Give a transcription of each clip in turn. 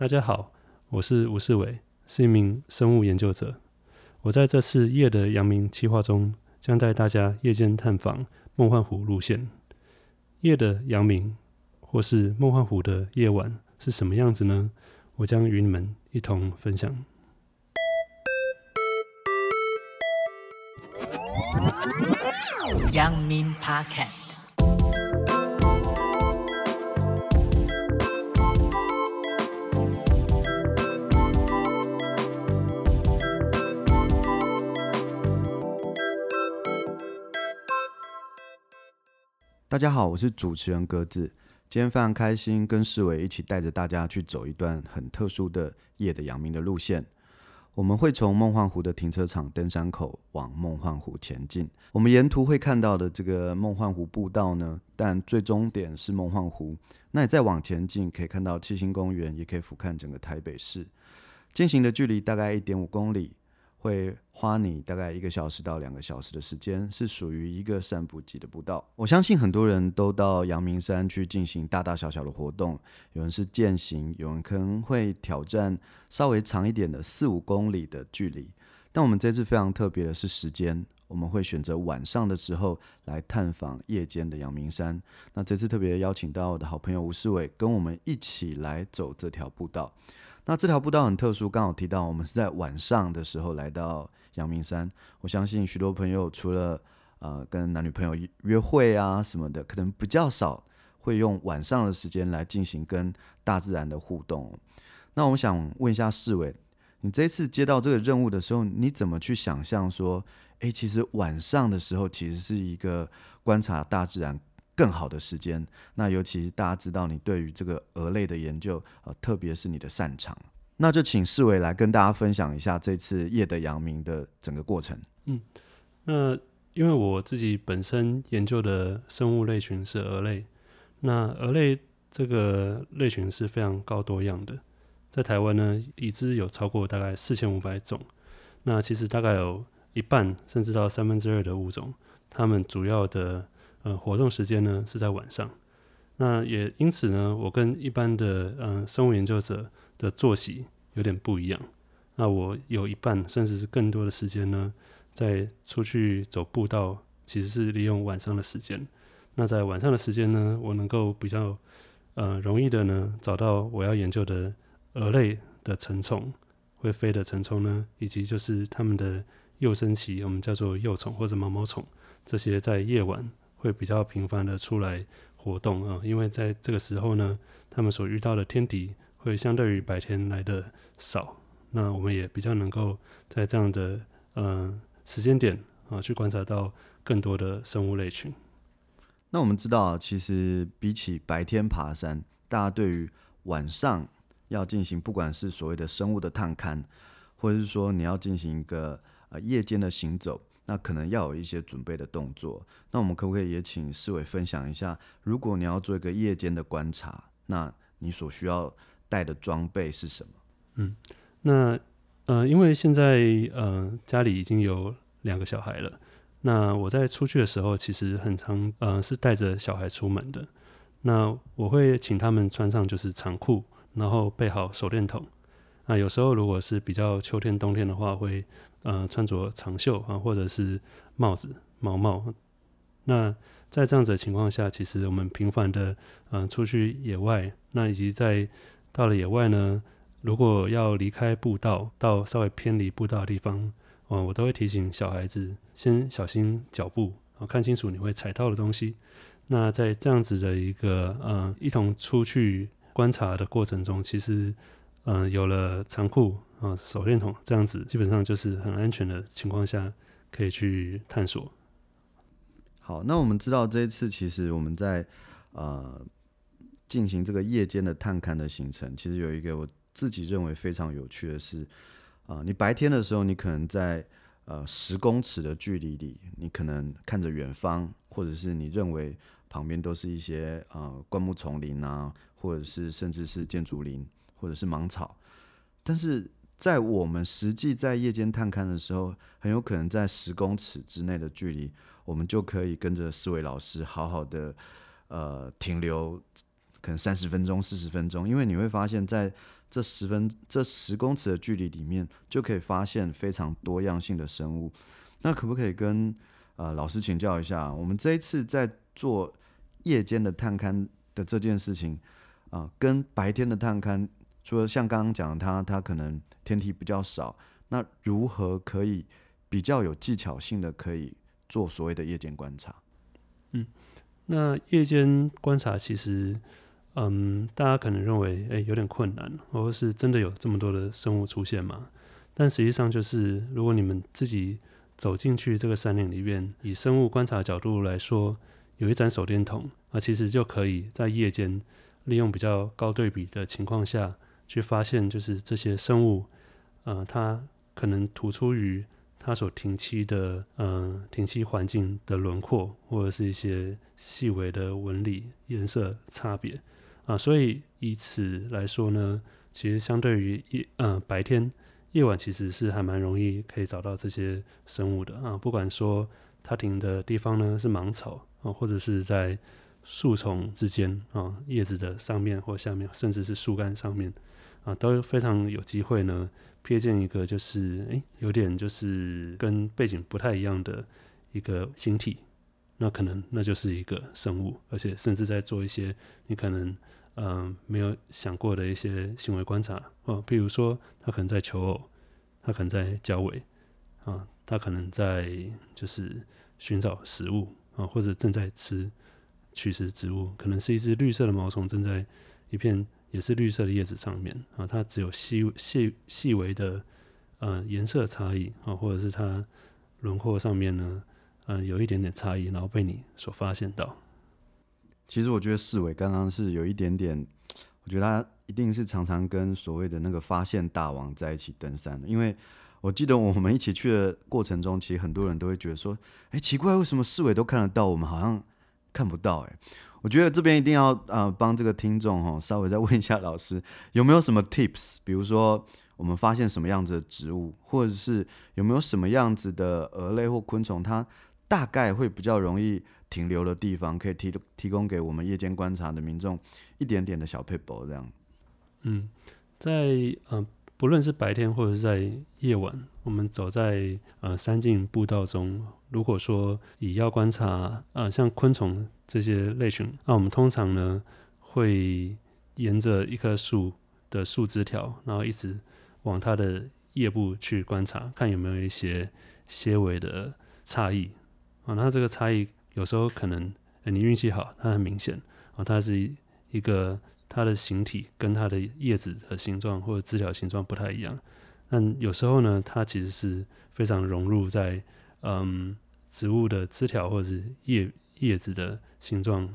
大家好，我是吳士緯，是一名生物研究者。我在這次夜的陽明企劃中，將帶大家夜間探訪夢幻湖路線。夜的陽明，或是夢幻湖的夜晚，是什麼樣子呢？我將與你們一同分享。陽明 Podcast。大家好，我是主持人格子。今天非常開心，跟士緯一起帶着大家去走一段很特殊的夜的陽明的路線。我們會從夢幻湖的停車場登山口往夢幻湖前進。我們沿途會看到的這個夢幻湖步道呢，但最終點是夢幻湖。那你再往前進，可以看到七星公園，也可以俯瞰整個台北市。進行的距離大概一點五公里。會花你大概一個小時到兩個小時的時間，是屬於一個散步級的步道。我相信很多人都到陽明山去進行大大小小的活動，有人是健行，有人可能會挑戰稍微長一點的四五公里的距離。但我們這次非常特別的是時間，我們會選擇晚上的時候來探訪夜間的陽明山。那這次特別邀請到我的好朋友吳士緯，跟我們一起來走這條步道。那這條步道很特殊，剛好提到我們是在晚上的時候來到陽明山。我相信許多朋友除了呃跟男女朋友約會啊什麼的，可能比較少會用晚上的時間來進行跟大自然的互動。那我想問一下士緯，你這次接到這個任務的時候，你怎麼去想象說，哎、欸，其實晚上的時候其實是一個觀察大自然更好的時間，那尤其是大家知道你對於這個蛾類的研究，呃，特別是你的擅長，那就請士緯來跟大家分享一下這一次夜的陽明的整個過程。嗯，那因為我自己本身研究的生物類群是蛾類，那蛾類這個類群是非常高多樣的，在台灣呢，已知有超過大概四千五百種，那其實大概有一半甚至到三分之二的物種，它們主要的。呃，活動時間呢是在晚上，那也因此呢，我跟一般的呃生物研究者的作息有點不一樣。那我有一半甚至是更多的時間呢，在出去走步道，其實是利用晚上的時間。那在晚上的時間呢，我能夠比較呃容易的呢，找到我要研究的蛾類的成蟲，會飛的成蟲呢，以及就是它們的幼生期，我們叫做幼蟲或者毛毛蟲，這些在夜晚，會比較頻繁的出來活動啊、呃，因為在這個時候呢，他們所遇到的天敵會相對於白天來的少，那我們也比較能夠在這樣的呃時間點啊、呃、去觀察到更多的生物類群。那我們知道，其實比起白天爬山，大家對於晚上要進行不管是所謂的生物的探勘，或者是說你要進行一個呃夜間的行走。那可能要有一些準備的動作。那我們可不可以也請士緯分享一下，如果你要做一個夜間的觀察，那你所需要帶的裝備是什麼？嗯，那呃，因為現在呃家裡已經有兩個小孩了，那我在出去的時候其實很常呃是帶着小孩出門的。那我會請他們穿上就是長褲，然後備好手電筒。那有時候，如果是比較秋天、冬天的話會，會、呃、嗯穿着長袖啊，或者是帽子、毛帽。那在這樣子的情況下，其實我們頻繁的嗯、呃、出去野外，那以及在到了野外呢，如果要離開步道，到稍微偏離步道的地方，嗯、啊，我都會提醒小孩子先小心腳步，啊，看清楚你會踩到的東西。那在這樣子的一個嗯、呃、一同出去觀察的過程中，其實。嗯、呃，有了長褲啊、手電筒這樣子，基本上就是很安全的情況下可以去探索。好，那我們知道這一次其實我們在呃進行這個夜間的探勘的行程，其實有一個我自己認為非常有趣的是，啊、呃，你白天的時候，你可能在呃十公尺的距離裡，你可能看着遠方，或者是你認為旁邊都是一些啊灌、呃、木叢林啊，或者是甚至是建築林。或者是芒草，但是在我們實際在夜間探勘的時候，很有可能在十公尺之內的距離，我們就可以跟着士緯老師好好的呃停留，可能三十分鐘、四十分鐘，因為你會發現在這十分這十公尺的距離裡面，就可以發現非常多樣性的生物。那可不可以跟呃老師請教一下，我們這一次在做夜間的探勘的這件事情啊、呃，跟白天的探勘？就像剛剛講，他它它可能天體比較少，那如何可以比較有技巧性的可以做所謂的夜間觀察？嗯，那夜間觀察其實，嗯，大家可能認為，誒、欸、有點困難，或是真的有這麼多的生物出現嗎？但實際上，就是如果你們自己走進去這個山林裡面，以生物觀察角度來說，有一盞手電筒，那其實就可以在夜間利用比較高對比的情況下。去發現，就是這些生物，呃，它可能突出於它所停棲的，呃，停棲環境的輪廓，或者是一些細微的紋理、顏色差別，啊、呃，所以以此來說呢，其實相對於夜，呃，白天、夜晚其實是還蠻容易可以找到這些生物的，啊、呃，不管說它停的地方呢是芒草啊、呃，或者是在樹叢之間啊，呃、葉子的上面或下面，甚至是樹幹上面。啊，都非常有機會呢，瞥見一個就是，哎、欸，有點就是跟背景不太一樣的一個形體，那可能那就是一個生物，而且甚至在做一些你可能嗯、呃、沒有想過的一些行為觀察，哦、啊，比如說它可能在求偶，它可能在交尾，啊，它可能在就是尋找食物啊，或者正在吃取食植物，可能是一隻綠色的毛蟲正在一片。也是綠色的葉子上面啊，它只有細細細微的呃顏色差異啊，或者是它輪廓上面呢，嗯、呃，有一點點差異，然後被你所發現到。其實我覺得士緯剛剛是有一點點，我覺得他一定是常常跟所謂的那個發現大王在一起登山的，因為我記得我們一起去的過程中，其實很多人都會覺得說，哎、欸，奇怪，為什麼士緯都看得到，我們好像看不到哎、欸。我覺得這邊一定要呃幫這個聽眾哈、哦，稍微再問一下老師有沒有什麼 tips，比如說我們發現什麼樣子的植物，或者是有沒有什麼樣子的蛾類或昆蟲，它大概會比較容易停留的地方，可以提提供給我們夜間觀察的民眾一點點的小撇步這樣。嗯，在呃不論是白天或者是在夜晚，我們走在呃山徑步道中。如果說以要觀察啊、呃，像昆蟲這些類型，那我們通常呢會沿着一棵樹的樹枝條，然後一直往它的葉部去觀察，看有沒有一些些微的差異啊。那它這個差異有時候可能、欸、你運氣好，它很明顯啊，它是一個它的形體跟它的葉子的形狀或者枝條形狀不太一樣。但有時候呢，它其實是非常融入在。嗯，植物的枝條或者是葉葉子的形狀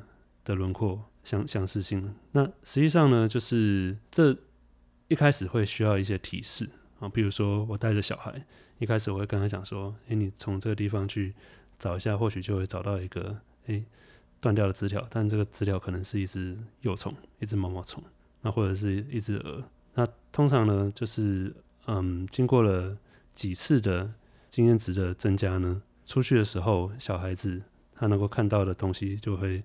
的輪廓相相似性。那實際上呢，就是這一開始會需要一些提示啊，比如說我帶着小孩，一開始我會跟他講說：“哎，你從這個地方去找一下，或許就會找到一個哎斷掉的枝條，但這個枝條可能是一隻幼蟲，一隻毛毛蟲，那或者是一隻蛾。那通常呢，就是嗯，經過了幾次的。”經驗值的增加呢，出去的時候，小孩子他能夠看到的東西就會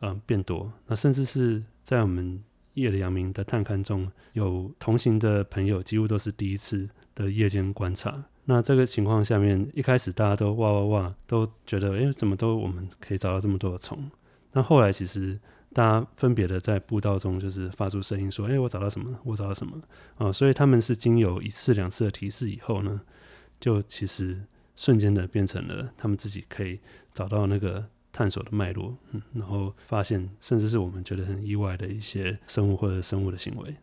嗯、呃、變多。那甚至是在我們夜的陽明的探勘中，有同行的朋友幾乎都是第一次的夜間觀察。那這個情況下面，一開始大家都哇哇哇，都覺得哎、欸、怎麼都我們可以找到這麼多的蟲。那後來其實大家分別的在步道中就是發出聲音說，哎、欸、我找到什麼，我找到什麼啊、呃，所以他們是經由一次兩次的提示以後呢。就其實瞬間的變成了他們自己可以找到那個探索的脈絡，嗯，然後發現甚至是我們覺得很意外的一些生物或者生物的行為。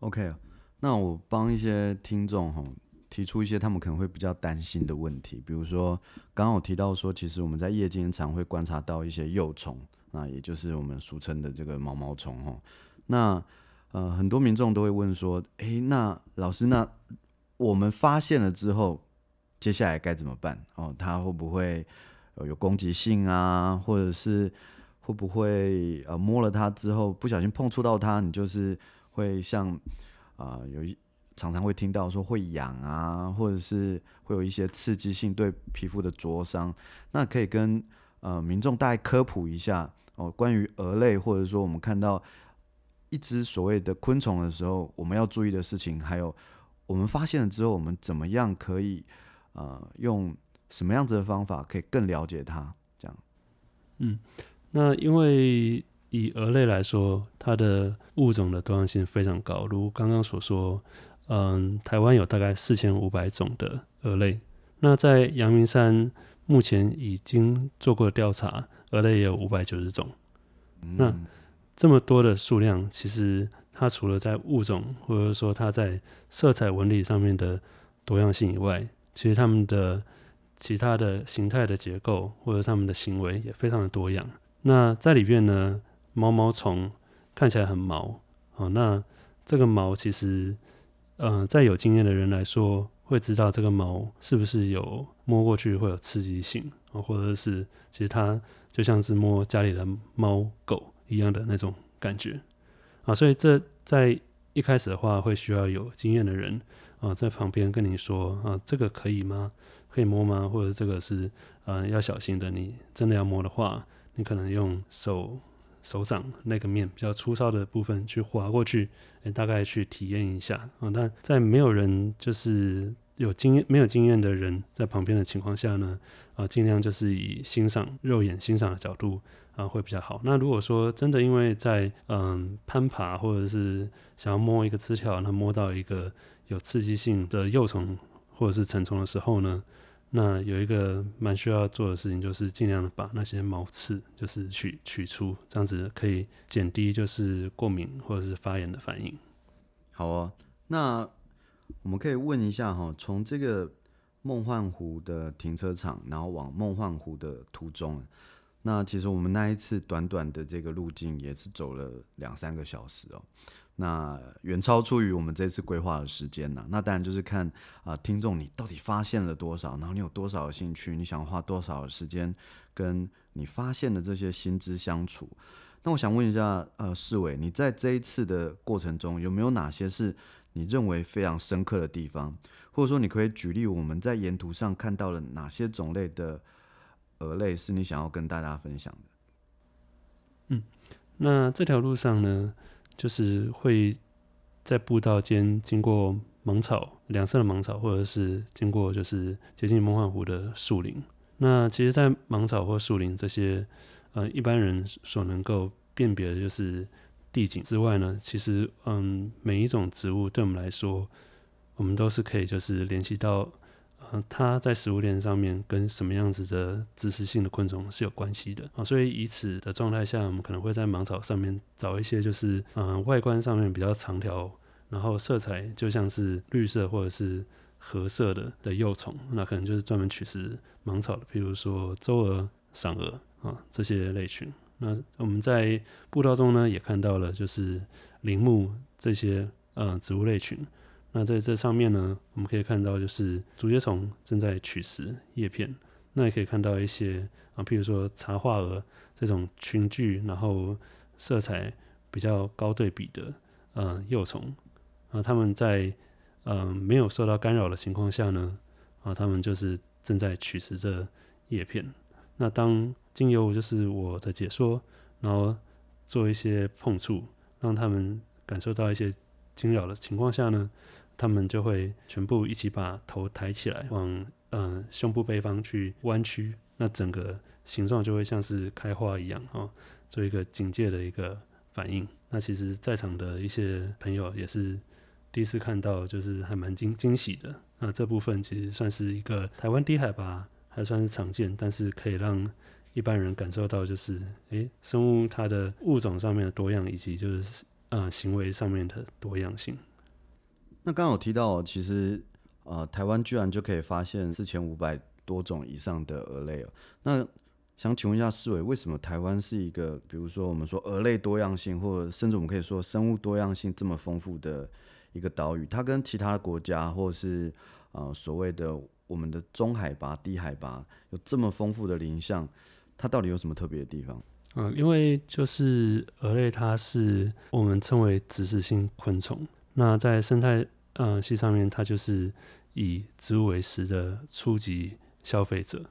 OK，那我幫一些聽眾哈提出一些他們可能會比較擔心的問題，比如說剛剛我提到說，其實我們在夜間常會觀察到一些幼蟲，那也就是我們俗稱的這個毛毛蟲哈。那呃，很多民眾都會問說，誒，那老師那？我們發現了之後，接下來該怎麼辦？哦，它會不會有攻擊性啊？或者是會不會呃摸了它之後不小心碰觸到它，你就是會像啊、呃、有一常常會聽到說會癢啊，或者是會有一些刺激性對皮膚的灼傷。那可以跟呃民眾大概科普一下哦，關於蛾類，或者說我們看到一隻所謂的昆蟲的時候，我們要注意的事情還有。我們發現了之後，我們怎麼樣可以，呃，用什麼樣子的方法可以更了解它？這樣，嗯，那因為以蛾類來說，它的物種的多樣性非常高。如剛剛所說，嗯，台灣有大概四千五百種的蛾類。那在陽明山目前已經做過調查，蛾類也有五百九十種。嗯，那這麼多的數量，其實。它除了在物種或者說它在色彩紋理上面的多樣性以外，其實它們的其他的形態的結構或者它們的行為也非常的多樣。那在裡面呢，毛毛蟲看起來很毛啊、哦，那這個毛其實，嗯、呃、在有經驗的人來說會知道這個毛是不是有摸過去會有刺激性啊、哦，或者是其實它就像是摸家裡的貓狗一樣的那種感覺啊，所以這。在一開始的話，會需要有經驗的人啊、呃，在旁邊跟你說啊、呃，這個可以嗎？可以摸嗎？或者這個是啊、呃，要小心的。你真的要摸的話，你可能用手手掌那個面比較粗糙的部分去劃過去，哎、欸，大概去體驗一下啊、呃。但在沒有人就是。有經驗沒有經驗的人在旁邊的情況下呢，啊、呃，儘量就是以欣賞肉眼欣賞的角度啊、呃，會比較好。那如果說真的因為在嗯、呃、攀爬或者是想要摸一個枝條，那摸到一個有刺激性的幼蟲或者是成蟲的時候呢，那有一個蠻需要做的事情就是儘量的把那些毛刺就是取取出，這樣子可以減低就是過敏或者是發炎的反應。好啊、哦，那。我們可以問一下哈，從這個夢幻湖的停車場，然後往夢幻湖的途中，那其實我們那一次短短的這個路徑也是走了兩三個小時哦，那遠超出於我們這次規劃的時間呢、啊。那當然就是看啊、呃，聽眾你到底發現了多少，然後你有多少的興趣，你想花多少的時間跟你發現的這些新知相處。那我想問一下，呃，士緯，你在這一次的過程中有沒有哪些是你認為非常深刻的地方，或者說你可以舉例，我們在沿途上看到了哪些種類的蛾類是你想要跟大家分享的？嗯，那這條路上呢，就是會在步道間經過芒草，兩側的芒草，或者是經過就是接近夢幻湖的樹林。那其實，在芒草或樹林這些，呃，一般人所能夠辨別的就是。地景之外呢，其實嗯，每一種植物對我們來說，我們都是可以就是聯繫到，嗯、呃，它在食物鏈上面跟什麼樣子的植食性的昆蟲是有關係的啊。所以以此的狀態下，我們可能會在芒草上面找一些就是嗯、呃，外觀上面比較長條，然後色彩就像是綠色或者是褐色的的幼蟲，那可能就是專門取食芒草的，比如說周蛾、桑蛾啊這些類群。那我們在步道中呢，也看到了就是鈴木這些呃植物類群。那在這上面呢，我們可以看到就是竹節蟲正在取食葉片。那也可以看到一些啊，譬如說茶化蛾這種群聚，然後色彩比較高對比的呃幼蟲啊，它們在嗯、呃、沒有受到干擾的情況下呢，啊，它們就是正在取食着葉片。那當經由就是我的解說，然後做一些碰觸，讓他們感受到一些驚擾的情況下呢，他們就會全部一起把頭抬起來，往呃胸部背方去彎曲，那整個形狀就會像是開花一樣哦、喔，做一個警戒的一個反應。那其實，在場的一些朋友也是第一次看到，就是還蠻驚驚喜的。那這部分其實算是一個臺灣低海拔。還算是常見，但是可以讓一般人感受到，就是誒，生物它的物種上面的多樣，以及就是啊、呃、行為上面的多樣性。那剛剛我提到，其實呃，台灣居然就可以發現四千五百多種以上的蛾類。那想請問一下，士緯，為什麼台灣是一個，比如說我們說蛾類多樣性，或者甚至我們可以說生物多樣性這麼豐富的一個島嶼？它跟其他的國家，或是啊、呃、所謂的。我們的中海拔、低海拔有這麼豐富的林相，它到底有什麼特別的地方？嗯、呃，因為就是蛾類，它是我們稱為植食性昆蟲。那在生態呃系上面，它就是以植物為食的初級消費者。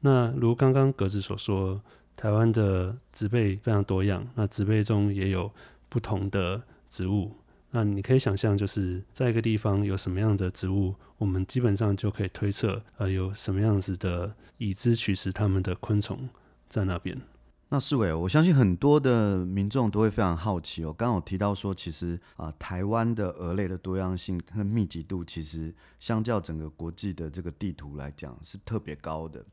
那如剛剛格子所說，台灣的植被非常多樣，那植被中也有不同的植物，那你可以想象，就是在一個地方有什麼樣的植物，我們基本上就可以推測，呃，有什麼樣子的已知取食它們的昆蟲在那邊。那士緯，我相信很多的民眾都會非常好奇哦。剛剛我提到說，其實啊、呃，台灣的蛾類的多樣性跟密集度，其實相較整個國際的這個地圖來講，是特別高的。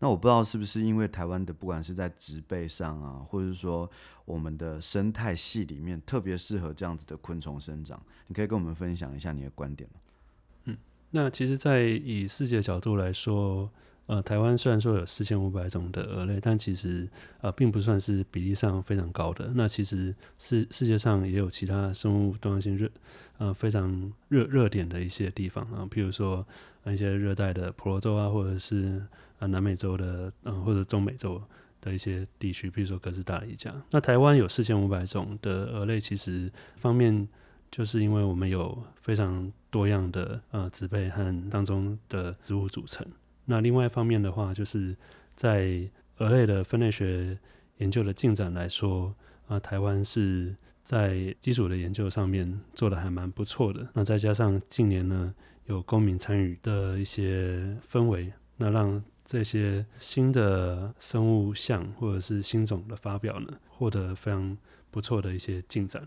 那我不知道是不是因為台灣的，不管是在植被上啊，或者說我們的生態系裡面，特別適合這樣子的昆蟲生長，你可以跟我們分享一下你的觀點嗎？嗯，那其實，在以世界角度來說。呃，台灣雖然說有四千五百種的蛾類，但其實呃，並不算是比例上非常高的。那其實是世界上也有其他生物多樣性熱呃非常熱熱點的一些地方啊，比、呃、如說一些熱帶的婆羅洲啊，或者是呃南美洲的嗯、呃、或者中美洲的一些地區，比如說哥斯達黎加。那台灣有四千五百種的蛾類，其實方面就是因為我們有非常多樣的呃植被和當中的植物組成。那另外一方面的話，就是在蛾類的分類學研究的進展來說，啊，台灣是在基礎的研究上面做得還蠻不錯的。那再加上近年呢，有公民參與的一些氛圍，那讓這些新的生物相或者是新種的發表呢，獲得非常不錯的一些進展。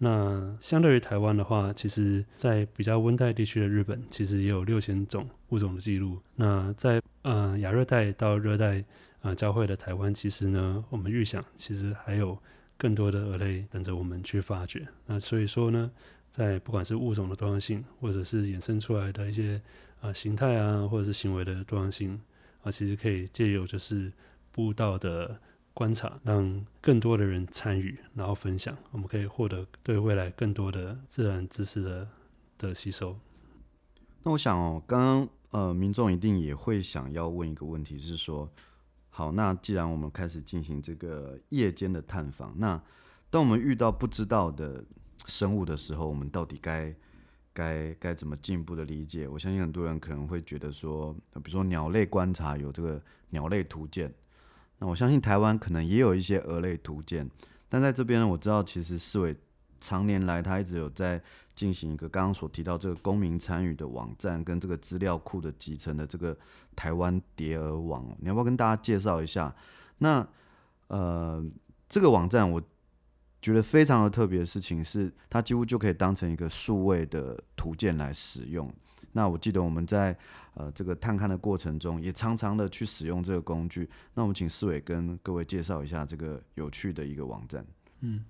那相對於臺灣的話，其實，在比較溫帶地區的日本，其實也有六千種物種的記錄。那在呃亞熱帶到熱帶啊交匯的臺灣，其實呢，我們預想其實還有更多的蛾類等着我們去發掘。那所以說呢，在不管是物種的多樣性，或者是衍生出來的一些啊、呃、形態啊，或者是行為的多樣性啊、呃，其實可以借由就是步道的觀察，讓更多的人參與，然後分享，我們可以獲得對未來更多的自然知識的的吸收。那我想哦，剛剛呃，民眾一定也會想要問一個問題，是說，好，那既然我們開始進行這個夜間的探訪，那當我們遇到不知道的生物的時候，我們到底該該該怎麼進一步的理解？我相信很多人可能會覺得說，比如說鳥類觀察有這個鳥類圖鑑。那我相信台灣可能也有一些蛾類圖鑑，但在這邊呢，我知道其實士緯常年來他一直有在進行一個剛剛所提到這個公民參與的網站跟這個資料庫的集成的這個台灣蝶蛾網，你要不要跟大家介紹一下？那呃，這個網站我覺得非常的特別的事情是，它幾乎就可以當成一個數位的圖鑑來使用。那我記得我們在呃這個探勘的過程中，也常常的去使用這個工具。那我們請士緯跟各位介紹一下這個有趣的一個網站。嗯，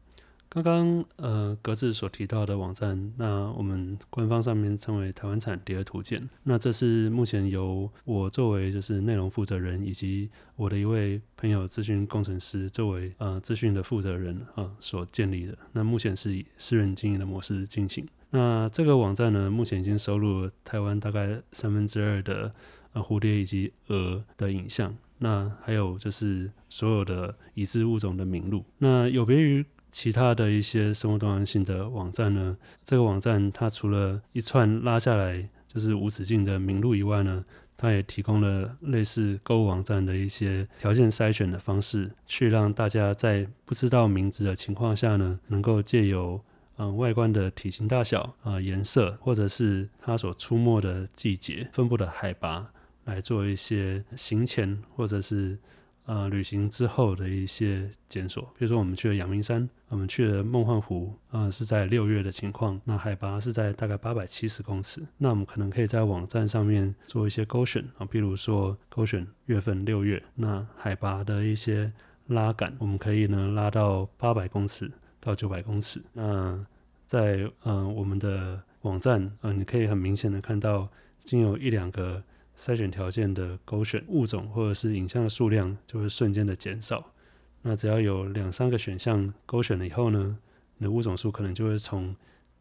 剛剛呃格子所提到的網站，那我們官方上面稱為台灣產蛾圖鑑。那這是目前由我作為就是內容負責人，以及我的一位朋友資訊工程師作為呃資訊的負責人啊、呃、所建立的。那目前是以私人經營的模式進行。那這個網站呢，目前已經收錄了台灣大概三分之二的呃蝴蝶以及蛾的影像。那還有就是所有的已知物種的名錄。那有別於其他的一些生物多樣性的網站呢，這個網站它除了一串拉下來就是無止境的名錄以外呢，它也提供了類似購物網站的一些條件篩選的方式，去讓大家在不知道名字的情況下呢，能夠借由嗯、呃，外觀的體型大小、啊、呃，顏色，或者是它所出沒的季節、分布的海拔，來做一些行前或者是呃旅行之後的一些檢索。比如說，我們去了陽明山，我們去了夢幻湖，啊、呃，是在六月的情況，那海拔是在大概八百七十公尺。那我們可能可以在網站上面做一些勾選啊，比如說勾選月份六月，那海拔的一些拉桿，我們可以呢拉到八百公尺。到九百公尺。那在嗯、呃、我們的網站，啊、呃，你可以很明顯的看到，僅有一兩個篩選條件的勾選物種或者是影像的數量就會瞬間的減少。那只要有兩三個選項勾選了以後呢，你的物種數可能就會從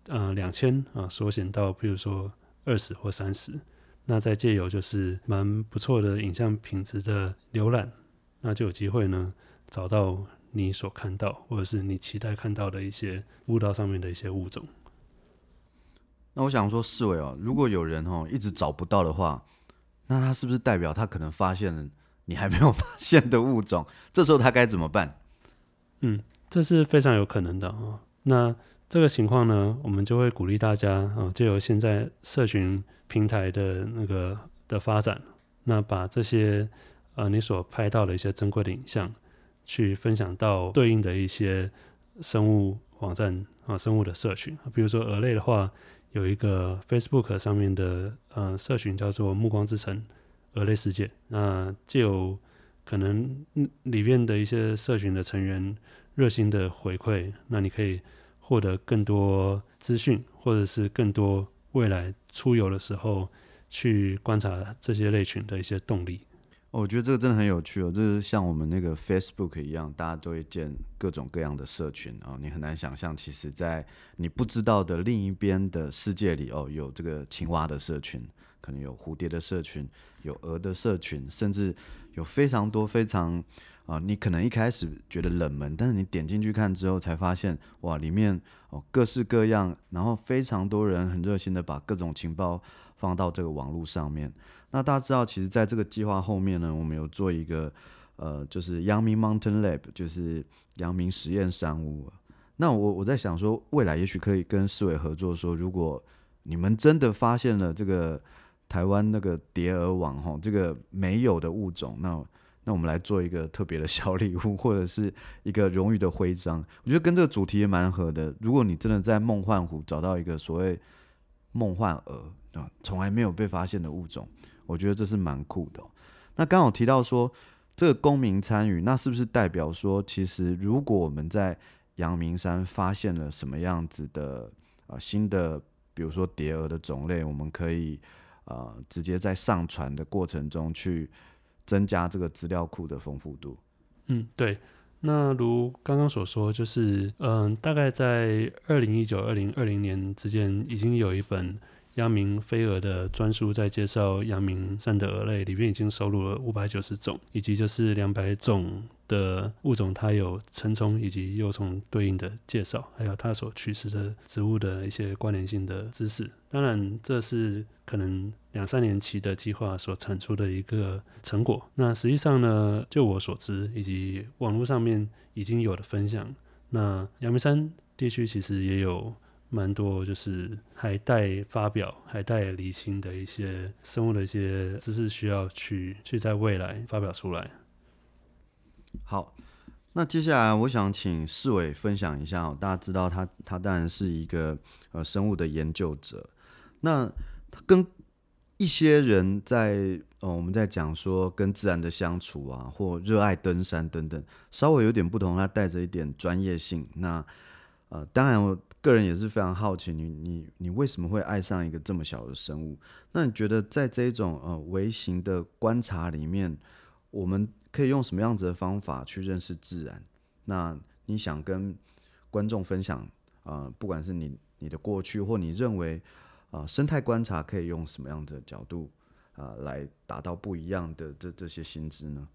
嗯兩千啊縮減到比如說二十或三十。那再借由就是蠻不錯的影像品質的瀏覽，那就有機會呢找到。你所看到，或者是你期待看到的一些物道上面的一些物種。那我想說，士緯哦，如果有人哦一直找不到的話，那他是不是代表他可能發現了你還沒有發現的物種？這時候他該怎麼辦？嗯，這是非常有可能的哦。那這個情況呢，我們就會鼓勵大家哦，借由現在社群平台的那個的發展，那把這些呃你所拍到的一些珍貴的影像。去分享到對應的一些生物網站啊，生物的社群，比如說蛾類的話，有一個 Facebook 上面的呃社群叫做“暮光之城蛾類世界”，那就有可能裡面的一些社群的成員熱心的回饋，那你可以獲得更多資訊，或者是更多未來出遊的時候去觀察這些類群的一些動力。我覺得這個真的很有趣哦，就是像我們那個 Facebook 一樣，大家都會建各種各樣的社群啊、哦。你很難想象，其實，在你不知道的另一邊的世界裡，哦，有這個青蛙的社群，可能有蝴蝶的社群，有蛾的社群，甚至有非常多非常。啊，你可能一開始覺得冷門，但是你點進去看之後，才發現，哇，裡面哦各式各樣，然後非常多人很熱心的把各種情報放到這個網絡上面。那大家知道，其實在這個計劃後面呢，我們有做一個呃，就是陽明 Mountain Lab，就是陽明實驗商務。那我我在想說，未來也許可以跟士緯合作說，說如果你們真的發現了這個台灣那個蝶蛾網吼這個沒有的物種，那。那我們來做一個特別的小禮物，或者是一個榮譽的徽章，我覺得跟這個主題也蠻合的。如果你真的在夢幻湖找到一個所謂夢幻蛾啊，從來沒有被發現的物種，我覺得這是蠻酷的，哦。那剛好提到說這個公民參與，那是不是代表說，其實如果我們在陽明山發現了什麼樣子的啊、呃、新的，比如說蝶蛾的種類，我們可以啊、呃、直接在上傳的過程中去。增加這個資料庫的豐富度。嗯，對。那如剛剛所說，就是嗯，大概在二零一九、二零二零年之間，已經有一本。陽明飛蛾的專書在介紹陽明山的蛾類，裡面已經收錄了五百九十種，以及就是兩百種的物種，它有成蟲以及幼蟲對應的介紹，還有它所取食的植物的一些關聯性的知識。當然，這是可能兩三年期的計劃所產出的一個成果。那實際上呢，就我所知，以及網絡上面已經有的分享，那陽明山地區其實也有。蠻多，就是還待發表，還待理清的一些生物的一些知識，需要去去在未來發表出來。好，那接下來我想請士緯分享一下、哦。大家知道他，他當然是一個呃生物的研究者。那他跟一些人在哦、呃，我們在講說跟自然的相處啊，或熱愛登山等等，稍微有點不同。他帶着一點專業性。那呃，當然我。個人也是非常好奇你，你你你為什麼會愛上一個這麼小的生物？那你覺得在這一種呃微型的觀察裡面，我們可以用什麼樣子的方法去認識自然？那你想跟觀眾分享啊、呃，不管是你你的過去，或你認為啊、呃、生態觀察可以用什麼樣的角度啊、呃、來達到不一樣的這這些新知呢？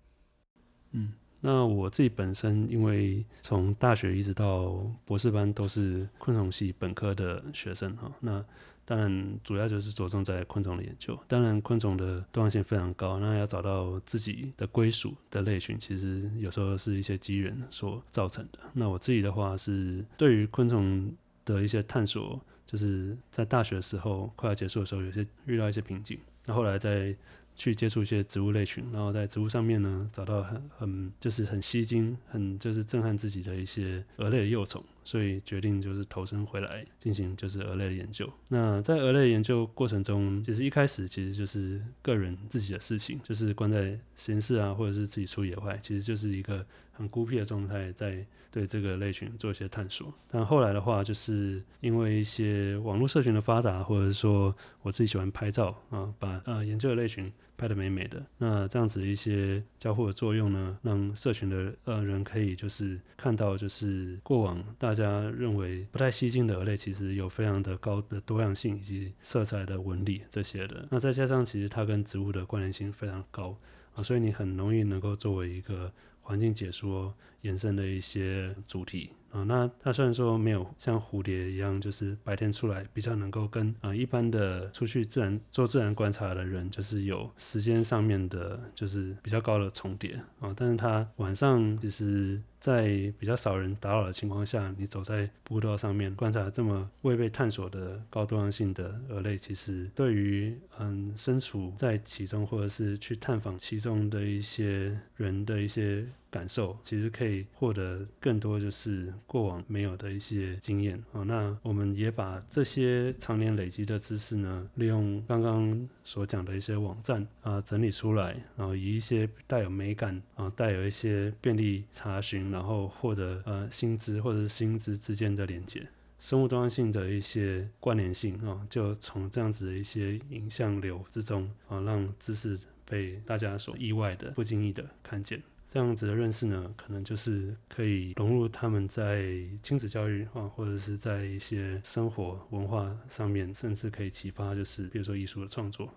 嗯。那我自己本身，因為從大學一直到博士班都是昆蟲系本科的學生哈，那當然主要就是着重在昆蟲的研究。當然，昆蟲的多樣性非常高，那要找到自己的歸屬的類群，其實有時候是一些機緣所造成的。那我自己的話是，對於昆蟲的一些探索，就是在大學的時候快要結束的時候，有些遇到一些瓶頸，那後來在，去接觸一些植物類群，然後在植物上面呢，找到很很就是很吸睛，很就是震撼自己的一些蛾類的幼蟲。所以決定就是投身回來進行就是蛾類的研究。那在蛾類的研究過程中，其實一開始其實就是個人自己的事情，就是關在實驗室啊，或者是自己出野外，其實就是一個很孤僻的狀態，在對這個類群做一些探索。但後來的話，就是因為一些網絡社群的發達，或者是說我自己喜歡拍照啊，把呃研究的類群拍得美美的。那這樣子一些交互的作用呢，讓社群的呃人可以就是看到就是過往大。大家認為不太吸睛的蛾類，其實有非常的高的多樣性以及色彩的紋理這些的。那再加上其實它跟植物的關聯性非常高啊，所以你很容易能夠作為一個環境解說。延伸的一些主題啊，那它雖然說沒有像蝴蝶一樣，就是白天出來比較能夠跟啊一般的出去自然做自然觀察的人，就是有時間上面的，就是比較高的重疊啊，但是它晚上其實，在比較少人打擾的情況下，你走在步道上面觀察這麼未被探索的高多樣性的蛾類，其實對於嗯身處在其中或者是去探訪其中的一些人的一些。感受其實可以獲得更多，就是過往沒有的一些經驗啊、哦，那我們也把這些常年累積的知識呢，利用剛剛所講的一些網站啊、呃，整理出來，然後以一些帶有美感啊、呃，帶有一些便利查詢，然後獲得呃新知或者是新知之間的連接，生物多樣性的一些關聯性啊、哦，就從這樣子的一些影像流之中啊、哦，讓知識被大家所意外的、不經意的看見。這樣子的認識呢，可能就是可以融入他們在親子教育啊，或者是在一些生活文化上面，甚至可以啟發，就是比如說藝術的創作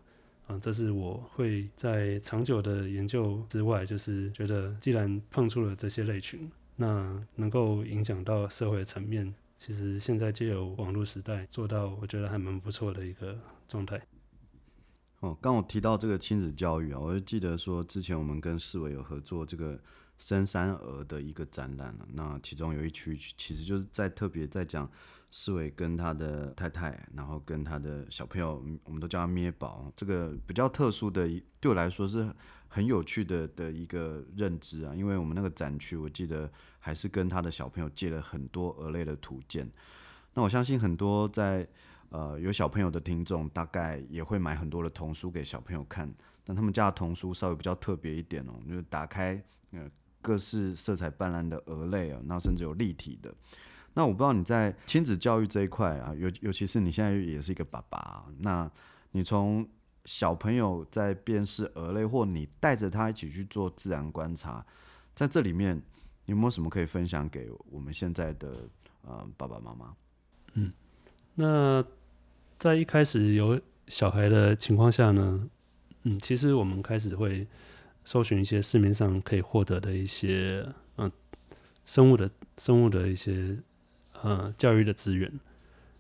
啊，這是我會在長久的研究之外，就是覺得既然碰觸了這些類群，那能夠影響到社會層面，其實現在借由網絡時代做到，我覺得還蠻不錯的一個狀態。哦，剛我提到這個親子教育啊，我就記得說之前我們跟士緯有合作這個深山蛾的一個展覽，啊、那其中有一區其實就是在特別在講士緯跟他的太太，然後跟他的小朋友，我們都叫他咩寶。這個比較特殊的，對我來說是很有趣的的一個認知啊，因為我們那個展區我記得還是跟他的小朋友借了很多蛾類的圖鑑。那我相信很多在。呃，有小朋友的聽眾大概也會買很多的童書給小朋友看，但他們家的童書稍微比較特別一點哦，就是打開，呃，各式色彩斑斕的蛾類啊，那甚至有立體的。那我不知道你在親子教育這一塊啊，尤尤其是你現在也是一個爸爸啊，那你從小朋友在辨識蛾類，或你帶着他一起去做自然觀察，在這裡面有沒有什麼可以分享給我們現在的呃爸爸媽媽？嗯，那。在一開始有小孩的情況下呢，嗯，其實我們開始會搜尋一些市面上可以獲得的一些嗯生物的生物的一些嗯教育的資源。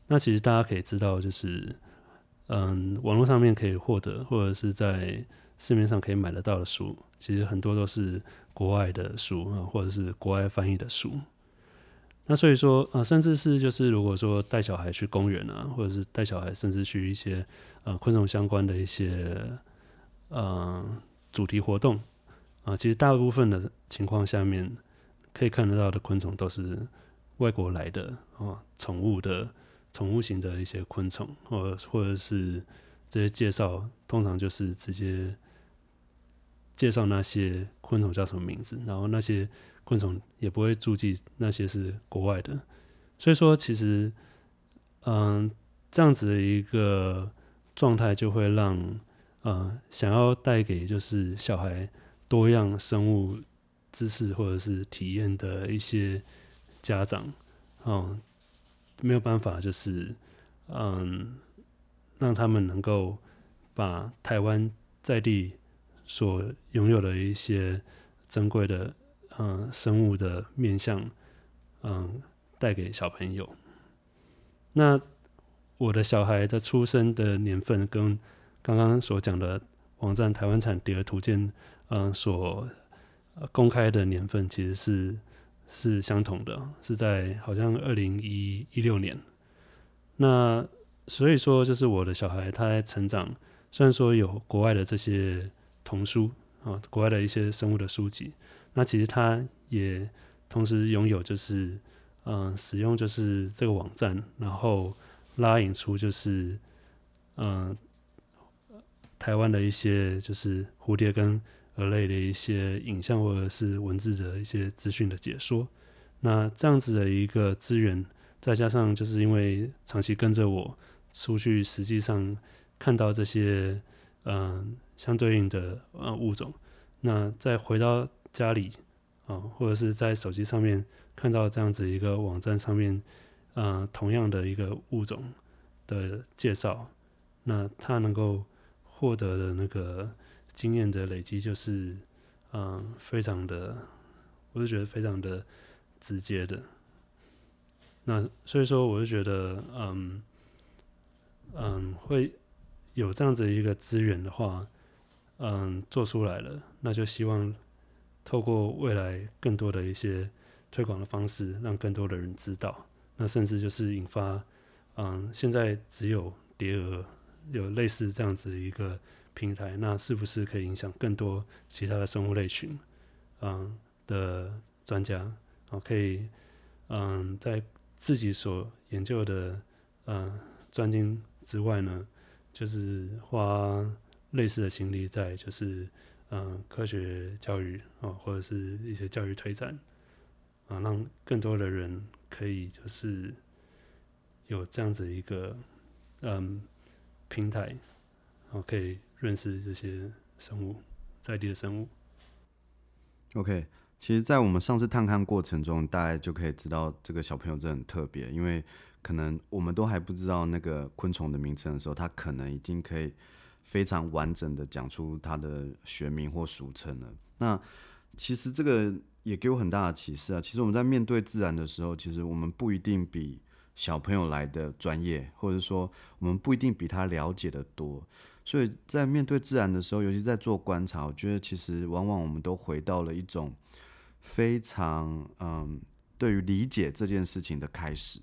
那其實大家可以知道，就是嗯網絡上面可以獲得，或者是在市面上可以買得到的書，其實很多都是國外的書啊，嗯，或者是國外翻譯的書。那所以說，呃，甚至是就是，如果說帶小孩去公園啊，或者是帶小孩，甚至去一些呃昆蟲相關的一些呃主題活動啊，呃，其實大部分的情況下面，可以看得到的昆蟲都是外國來的啊，呃，寵物的寵物型的一些昆蟲，或或者是這些介紹，通常就是直接介紹那些昆蟲叫什麼名字，然後那些。昆蟲也不會注記那些是國外的，所以說其實，嗯，這樣子的一個狀態就會讓，嗯，想要帶給就是小孩多樣生物知識或者是體驗的一些家長，哦、嗯，沒有辦法，就是，嗯，讓他們能夠把台灣在地所擁有的一些珍貴的。嗯、呃，生物的面向，嗯、呃，帶給小朋友。那我的小孩的出生的年份跟剛剛所講的網站《台灣產蝶圖鑑》嗯所、呃、公開的年份其實是是相同的，是在好像二零一一六年。那所以說，就是我的小孩他在成長，雖然說有國外的這些童書啊、呃，國外的一些生物的書籍。那其實它也同時擁有，就是嗯、呃，使用就是這個網站，然後拉引出就是嗯、呃，台灣的一些就是蝴蝶跟蛾類的一些影像或者是文字的一些資訊的解說。那這樣子的一個資源，再加上就是因為長期跟着我出去，實際上看到這些嗯、呃、相對應的呃物種，那再回到家裡啊，或者是在手機上面看到這樣子一個網站上面，啊、呃，同樣的一個物種的介紹，那他能夠獲得的那個經驗的累積，就是嗯、呃，非常的，我就覺得非常的直接的。那所以說，我就覺得，嗯嗯，會有這樣子一個資源的話，嗯，做出來了，那就希望。透過未來更多的一些推廣的方式，讓更多的人知道，那甚至就是引發，嗯，現在只有蝶蛾有類似這樣子一個平台，那是不是可以影響更多其他的生物類群，嗯的專家，哦、嗯、可以，嗯，在自己所研究的嗯專精之外呢，就是花類似的心力在就是。嗯，科學教育哦，或者是一些教育推展啊，讓更多的人可以就是有這樣子一個嗯平台，然後可以認識這些生物，在地的生物。OK，其實，在我們上次探勘過程中，大家就可以知道這個小朋友真的很特別，因為可能我們都還不知道那個昆蟲的名稱的時候，他可能已經可以。非常完整的講出他的學名或俗稱了。那其實這個也給我很大的啟示啊！其實我們在面對自然的時候，其實我們不一定比小朋友來的專業，或者說我們不一定比他了解的多。所以在面對自然的時候，尤其在做觀察，我覺得其實往往我們都回到了一種非常嗯，對於理解這件事情的開始。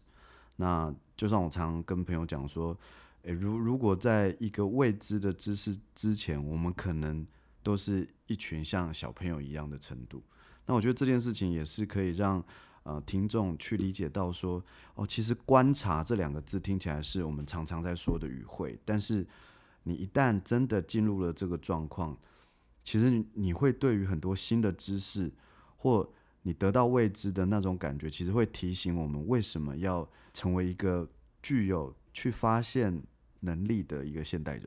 那就算我常常跟朋友講說。誒，如如果在一個未知的知識之前，我們可能都是一群像小朋友一樣的程度。那我覺得這件事情也是可以讓呃聽眾去理解到說，哦，其實觀察這兩個字聽起來是我們常常在說的語彙，但是你一旦真的進入了這個狀況，其實你會對於很多新的知識或你得到未知的那種感覺，其實會提醒我們為什麼要成為一個具有去發現。能力的一個現代人。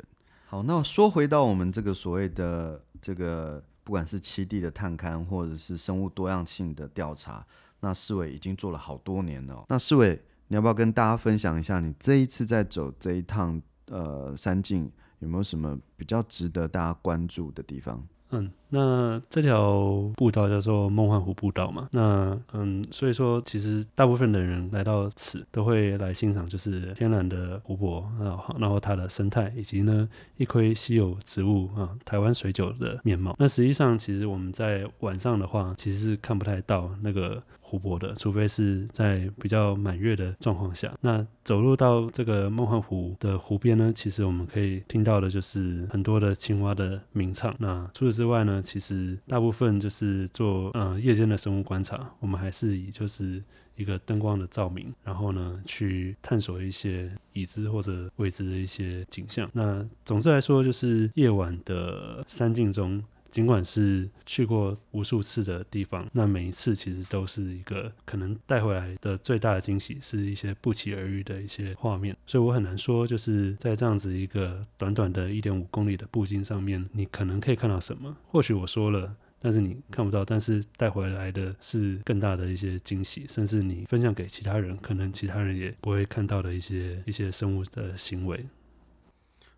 好，那說回到我們這個所謂的這個，不管是棲地的探勘，或者是生物多樣性的調查，那士緯已經做了好多年了。那士緯你要不要跟大家分享一下，你這一次在走這一趟呃山徑，有沒有什麼比較值得大家關注的地方？嗯。那這條步道叫做夢幻湖步道嘛，那嗯，所以說其實大部分的人來到此都會來欣賞就是天然的湖泊啊，然後它的生態以及呢一窺稀有植物啊台灣水韭的面貌。那實際上其實我們在晚上的話，其實是看不太到那個湖泊的，除非是在比較滿月的狀況下。那走入到這個夢幻湖的湖邊呢，其實我們可以聽到的就是很多的青蛙的鳴唱。那除此之外呢？那其實大部分就是做嗯、呃、夜間的生物觀察，我們還是以就是一個燈光的照明，然後呢去探索一些已知或者未知的一些景象。那總之來說，就是夜晚的山徑中。儘管是去過無數次的地方，那每一次其實都是一個可能帶回來的最大的驚喜，是一些不期而遇的一些畫面。所以我很難說，就是在這樣子一個短短的1.5公里的步徑上面，你可能可以看到什麼？或許我說了，但是你看不到，但是帶回來的是更大的一些驚喜，甚至你分享給其他人，可能其他人也不會看到的一些一些生物的行為。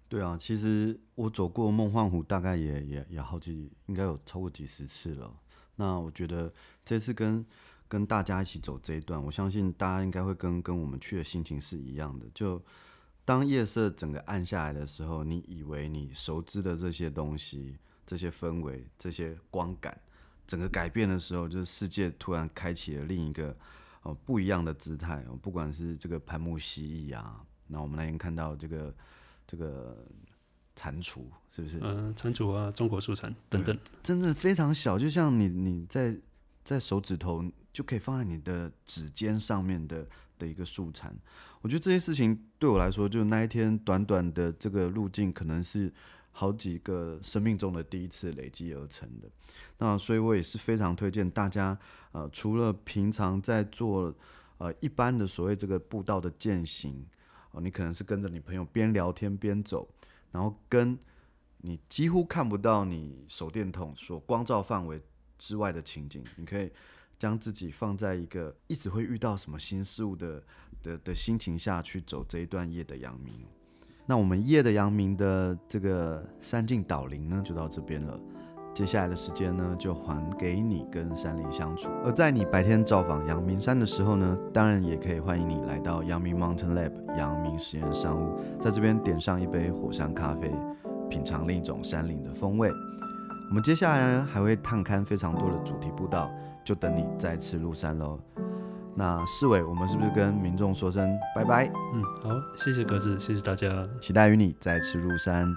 對啊，其實我走過夢幻湖大概也也也好幾，應該有超過幾十次了。那我覺得這次跟跟大家一起走這一段，我相信大家應該會跟跟我們去的心情是一樣的。就當夜色整個暗下來的時候，你以為你熟知的這些東西、這些氛圍、這些光感，整個改變的時候，就是世界突然開啟了另一個哦不一樣的姿態、哦。不管是這個攀木蜥蜴啊，那我們來看到這個。這個蟾蜍是不是？嗯、呃，蟾蜍啊，中國樹蟾等等，真正非常小，就像你你在在手指頭就可以放在你的指尖上面的的一個樹蟾。我覺得這些事情對我來說，就那一天短短的這個路徑，可能是好幾個生命中的第一次累積而成的。那所以我也是非常推薦大家，呃，除了平常在做呃一般的所謂這個步道的健行，你可能是跟着你朋友邊聊天邊走，然後跟你幾乎看不到你手電筒所光照範圍之外的情景，你可以將自己放在一個一直會遇到什麼新事物的的的心情下去走這一段夜的陽明。那我們夜的陽明的這個山徑導聆呢，就到這邊了。接下來的時間呢，就還給你跟山林相處。而在你白天造訪陽明山的時候呢，當然也可以歡迎你來到陽明 Mountain Lab、陽明實驗商務，在這邊點上一杯火山咖啡，品嘗另一種山林的風味。我們接下來呢還會探勘非常多的主題步道，就等你再次入山嘍。那士緯，我們是不是跟民眾說聲拜拜？Bye bye! 嗯，好，謝謝格子，謝謝大家，期待與你再次入山。